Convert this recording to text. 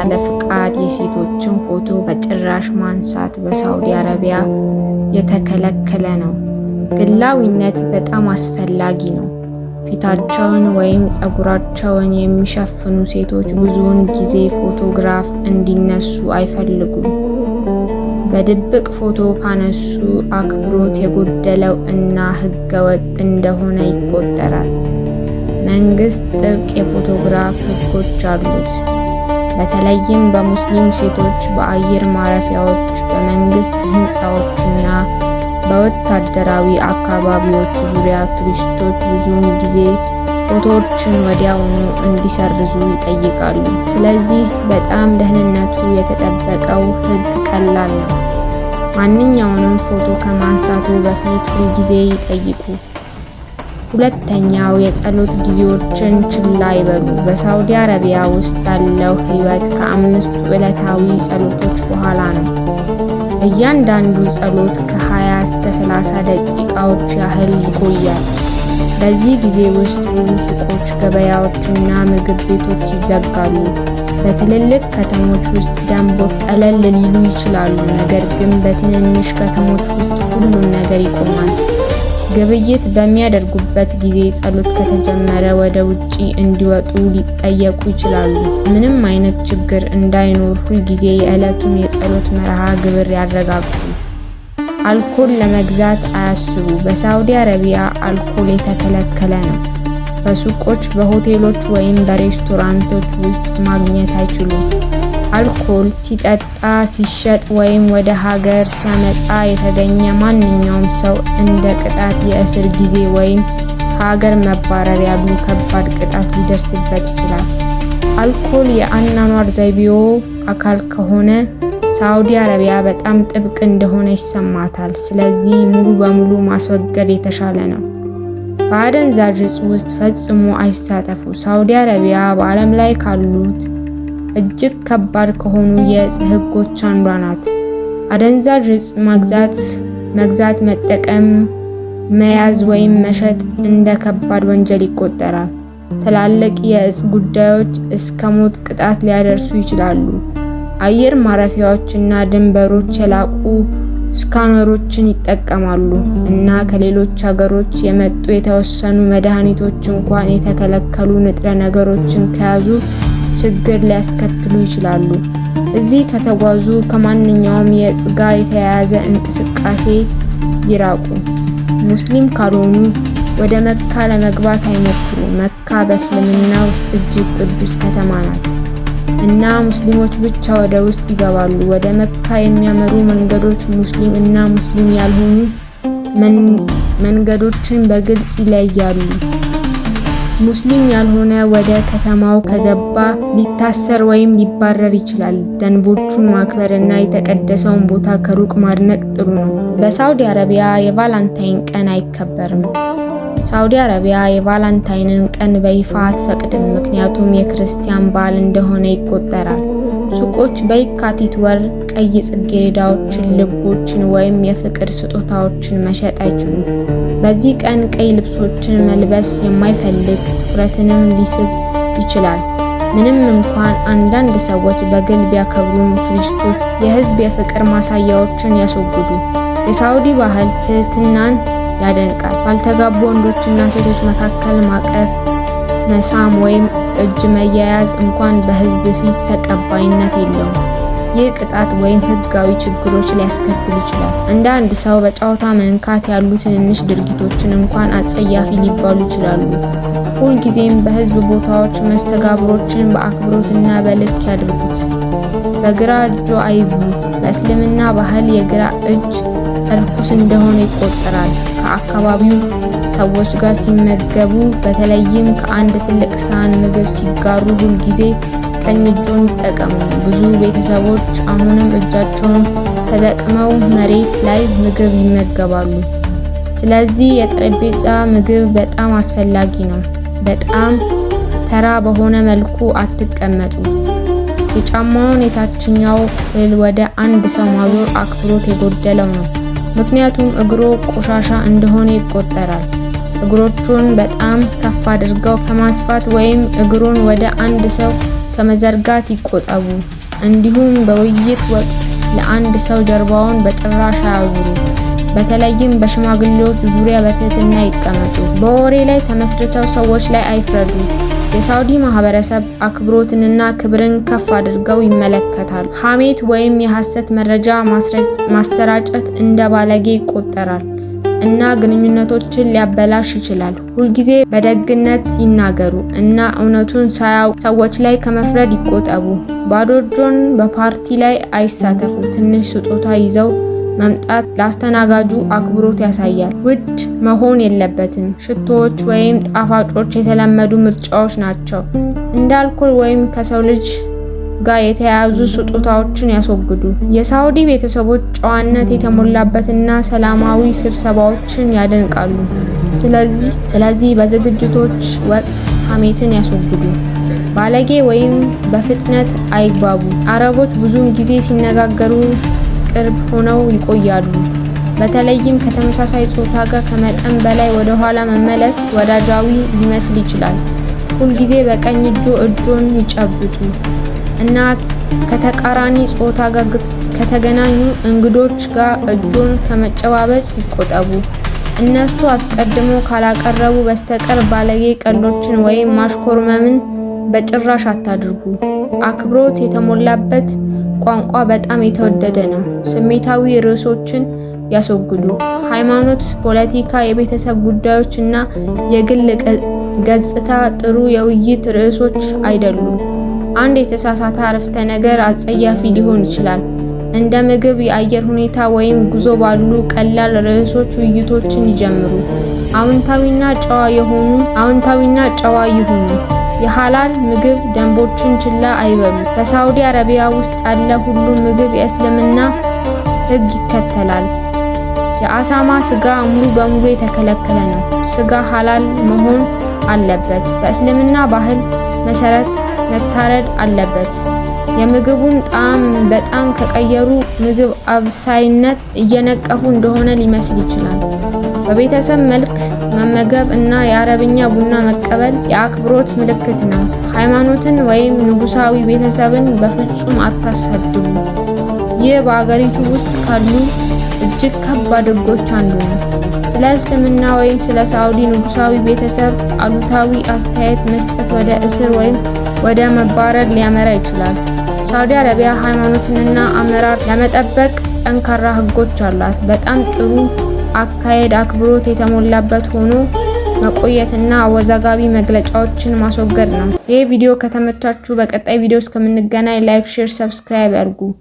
ያለ ፍቃድ የሴቶችን ፎቶ በጭራሽ ማንሳት በሳውዲ አረቢያ የተከለከለ ነው። ግላዊነት በጣም አስፈላጊ ነው። ፊታቸውን ወይም ጸጉራቸውን የሚሸፍኑ ሴቶች ብዙውን ጊዜ ፎቶግራፍ እንዲነሱ አይፈልጉም። በድብቅ ፎቶ ካነሱ አክብሮት የጎደለው እና ሕገወጥ እንደሆነ ይቆጠራል። መንግስት ጥብቅ የፎቶግራፍ ሕጎች አሉት። በተለይም በሙስሊም ሴቶች በአየር ማረፊያዎች፣ በመንግስት ህንፃዎችና በወታደራዊ አካባቢዎች ዙሪያ ቱሪስቶች ብዙውን ጊዜ ፎቶዎችን ወዲያውኑ እንዲሰርዙ ይጠይቃሉ። ስለዚህ በጣም ደህንነቱ የተጠበቀው ህግ ቀላል ነው። ማንኛውንም ፎቶ ከማንሳቱ በፊት ሁልጊዜ ይጠይቁ። ሁለተኛው የጸሎት ጊዜዎችን ችላ ይበሉ። በሳውዲ አረቢያ ውስጥ ያለው ሕይወት ከአምስቱ ዕለታዊ ጸሎቶች በኋላ ነው። እያንዳንዱ ጸሎት ከ20 እስከ 30 ደቂቃዎች ያህል ይቆያል። በዚህ ጊዜ ውስጥ ብዙ ሱቆች፣ ገበያዎችና ምግብ ቤቶች ይዘጋሉ። በትልልቅ ከተሞች ውስጥ ደንቦች ቀለል ሊሉ ይችላሉ፣ ነገር ግን በትንንሽ ከተሞች ውስጥ ሁሉም ነገር ይቆማል። ግብይት በሚያደርጉበት ጊዜ ጸሎት ከተጀመረ ወደ ውጪ እንዲወጡ ሊጠየቁ ይችላሉ። ምንም አይነት ችግር እንዳይኖር ጊዜ የዕለቱን የጸሎት መርሃ ግብር ያረጋግጡ። አልኮል ለመግዛት አያስቡ። በሳዑዲ አረቢያ አልኮል የተከለከለ ነው። በሱቆች፣ በሆቴሎች ወይም በሬስቶራንቶች ውስጥ ማግኘት አይችሉም። አልኮል ሲጠጣ፣ ሲሸጥ ወይም ወደ ሀገር ሲያመጣ የተገኘ ማንኛውም ሰው እንደ ቅጣት የእስር ጊዜ ወይም ከሀገር መባረር ያሉ ከባድ ቅጣት ሊደርስበት ይችላል። አልኮል የአኗኗር ዘይቤዎ አካል ከሆነ ሳውዲ አረቢያ በጣም ጥብቅ እንደሆነ ይሰማታል። ስለዚህ ሙሉ በሙሉ ማስወገድ የተሻለ ነው። በአደንዛዥ እጽ ውስጥ ፈጽሞ አይሳተፉ። ሳውዲ አረቢያ በዓለም ላይ ካሉት እጅግ ከባድ ከሆኑ የዕፅ ሕጎች አንዷ ናት። አደንዛዥ ዕፅ ማግዛት፣ መግዛት፣ መጠቀም፣ መያዝ ወይም መሸጥ እንደ ከባድ ወንጀል ይቆጠራል። ትላልቅ የእጽ ጉዳዮች እስከ ሞት ቅጣት ሊያደርሱ ይችላሉ። አየር ማረፊያዎችና ድንበሮች የላቁ ስካነሮችን ይጠቀማሉ እና ከሌሎች ሀገሮች የመጡ የተወሰኑ መድኃኒቶች እንኳን የተከለከሉ ንጥረ ነገሮችን ከያዙ ችግር ሊያስከትሉ ይችላሉ። እዚህ ከተጓዙ ከማንኛውም የጽጋ ጋር የተያያዘ እንቅስቃሴ ይራቁ። ሙስሊም ካልሆኑ ወደ መካ ለመግባት አይሞክሩ። መካ በእስልምና ውስጥ እጅግ ቅዱስ ከተማ ናት እና ሙስሊሞች ብቻ ወደ ውስጥ ይገባሉ። ወደ መካ የሚያመሩ መንገዶች ሙስሊም እና ሙስሊም ያልሆኑ መንገዶችን በግልጽ ይለያሉ። ሙስሊም ያልሆነ ወደ ከተማው ከገባ ሊታሰር ወይም ሊባረር ይችላል። ደንቦቹን ማክበር እና የተቀደሰውን ቦታ ከሩቅ ማድነቅ ጥሩ ነው። በሳውዲ አረቢያ የቫላንታይን ቀን አይከበርም። ሳውዲ አረቢያ የቫላንታይንን ቀን በይፋ አትፈቅድም፣ ምክንያቱም የክርስቲያን በዓል እንደሆነ ይቆጠራል። ሱቆች በየካቲት ወር ቀይ ጽጌረዳዎችን፣ ልቦችን ወይም የፍቅር ስጦታዎችን መሸጥ አይችሉም። በዚህ ቀን ቀይ ልብሶችን መልበስ የማይፈልግ ትኩረትንም ሊስብ ይችላል። ምንም እንኳን አንዳንድ ሰዎች በግል ቢያከብሩም ቱሪስቶች የህዝብ የፍቅር ማሳያዎችን ያስወግዱ። የሳውዲ ባህል ትህትናን ያደንቃል። ባልተጋቡ ወንዶችና ሴቶች መካከል ማቀፍ፣ መሳም ወይም እጅ መያያዝ እንኳን በሕዝብ ፊት ተቀባይነት የለውም። ይህ ቅጣት ወይም ሕጋዊ ችግሮች ሊያስከትል ይችላል። እንደ አንድ ሰው በጨዋታ መንካት ያሉ ትንንሽ ድርጊቶችን እንኳን አጸያፊ ሊባሉ ይችላሉ። ሁልጊዜም በሕዝብ ቦታዎች መስተጋብሮችን በአክብሮትና በልክ ያድርጉት። በግራ እጆ አይብሉ። በእስልምና ባህል የግራ እጅ እርኩስ እንደሆነ ይቆጠራል። ከአካባቢው ሰዎች ጋር ሲመገቡ፣ በተለይም ከአንድ ትልቅ ሳህን ምግብ ሲጋሩ ሁልጊዜ ቀኝ እጁን ይጠቀሙ። ብዙ ቤተሰቦች አሁንም እጃቸውን ተጠቅመው መሬት ላይ ምግብ ይመገባሉ። ስለዚህ የጠረጴዛ ምግብ በጣም አስፈላጊ ነው። በጣም ተራ በሆነ መልኩ አትቀመጡ። የጫማውን የታችኛው ክፍል ወደ አንድ ሰው ማዞር አክብሮት የጎደለው ነው። ምክንያቱም እግሮ ቆሻሻ እንደሆነ ይቆጠራል። እግሮቹን በጣም ከፍ አድርገው ከማስፋት ወይም እግሩን ወደ አንድ ሰው ከመዘርጋት ይቆጠቡ። እንዲሁም በውይይት ወቅት ለአንድ ሰው ጀርባውን በጭራሽ አያዙሩ። በተለይም በሽማግሌዎች ዙሪያ በትህትና ይቀመጡ። በወሬ ላይ ተመስርተው ሰዎች ላይ አይፍረዱ። የሳውዲ ማህበረሰብ አክብሮትንና ክብርን ከፍ አድርገው ይመለከታሉ። ሐሜት ወይም የሐሰት መረጃ ማሰራጨት እንደ ባለጌ ይቆጠራል። እና ግንኙነቶችን ሊያበላሽ ይችላል። ሁልጊዜ በደግነት ይናገሩ እና እውነቱን ሳያው ሰዎች ላይ ከመፍረድ ይቆጠቡ። ባዶ እጆን በፓርቲ ላይ አይሳተፉ። ትንሽ ስጦታ ይዘው መምጣት ለአስተናጋጁ አክብሮት ያሳያል። ውድ መሆን የለበትም። ሽቶዎች ወይም ጣፋጮች የተለመዱ ምርጫዎች ናቸው። እንደ አልኮል ወይም ከሰው ልጅ ጋር የተያያዙ ስጦታዎችን ያስወግዱ። የሳውዲ ቤተሰቦች ጨዋነት የተሞላበትና ሰላማዊ ስብሰባዎችን ያደንቃሉ። ስለዚህ ስለዚህ በዝግጅቶች ወቅት ሀሜትን ያስወግዱ። ባለጌ ወይም በፍጥነት አይግባቡ። አረቦች ብዙውን ጊዜ ሲነጋገሩ ቅርብ ሆነው ይቆያሉ። በተለይም ከተመሳሳይ ጾታ ጋር ከመጠን በላይ ወደ ኋላ መመለስ ወዳጃዊ ሊመስል ይችላል። ሁልጊዜ በቀኝ እጆ እጆን ይጨብጡ። እና ከተቃራኒ ጾታ ጋር ከተገናኙ እንግዶች ጋር እጆን ከመጨባበጥ ይቆጠቡ። እነሱ አስቀድመው ካላቀረቡ በስተቀር ባለጌ ቀልዶችን ወይም ማሽኮርመምን በጭራሽ አታድርጉ። አክብሮት የተሞላበት ቋንቋ በጣም የተወደደ ነው። ስሜታዊ ርዕሶችን ያስወግዱ። ሃይማኖት፣ ፖለቲካ፣ የቤተሰብ ጉዳዮች እና የግል ገጽታ ጥሩ የውይይት ርዕሶች አይደሉም። አንድ የተሳሳተ አረፍተ ነገር አጸያፊ ሊሆን ይችላል። እንደ ምግብ፣ የአየር ሁኔታ ወይም ጉዞ ባሉ ቀላል ርዕሶች ውይይቶችን ይጀምሩ። አዎንታዊና ጨዋ የሆኑ አዎንታዊና ጨዋ ይሁኑ። የሐላል ምግብ ደንቦችን ችላ አይበሉ። በሳውዲ አረቢያ ውስጥ ያለ ሁሉም ምግብ የእስልምና ሕግ ይከተላል። የአሳማ ስጋ ሙሉ በሙሉ የተከለከለ ነው። ስጋ ሐላል መሆን አለበት። በእስልምና ባህል መሰረት መታረድ አለበት። የምግቡን ጣዕም በጣም ከቀየሩ ምግብ አብሳይነት እየነቀፉ እንደሆነ ሊመስል ይችላል። በቤተሰብ መልክ መመገብ እና የአረብኛ ቡና መቀበል የአክብሮት ምልክት ነው። ሃይማኖትን ወይም ንጉሳዊ ቤተሰብን በፍጹም አታሳድቡ። ይህ በአገሪቱ ውስጥ ካሉ እጅግ ከባድ ሕጎች አንዱ ነው። ስለ እስልምና ወይም ስለ ሳውዲ ንጉሳዊ ቤተሰብ አሉታዊ አስተያየት መስጠት ወደ እስር ወይም ወደ መባረር ሊያመራ ይችላል። ሳውዲ አረቢያ ሃይማኖትንና አመራር ለመጠበቅ ጠንካራ ህጎች አሏት። በጣም ጥሩ አካሄድ አክብሮት የተሞላበት ሆኖ መቆየትና አወዛጋቢ መግለጫዎችን ማስወገድ ነው። ይህ ቪዲዮ ከተመቻችሁ በቀጣይ ቪዲዮ እስከምንገናኝ ላይክ፣ ሼር፣ ሰብስክራይብ አድርጉ።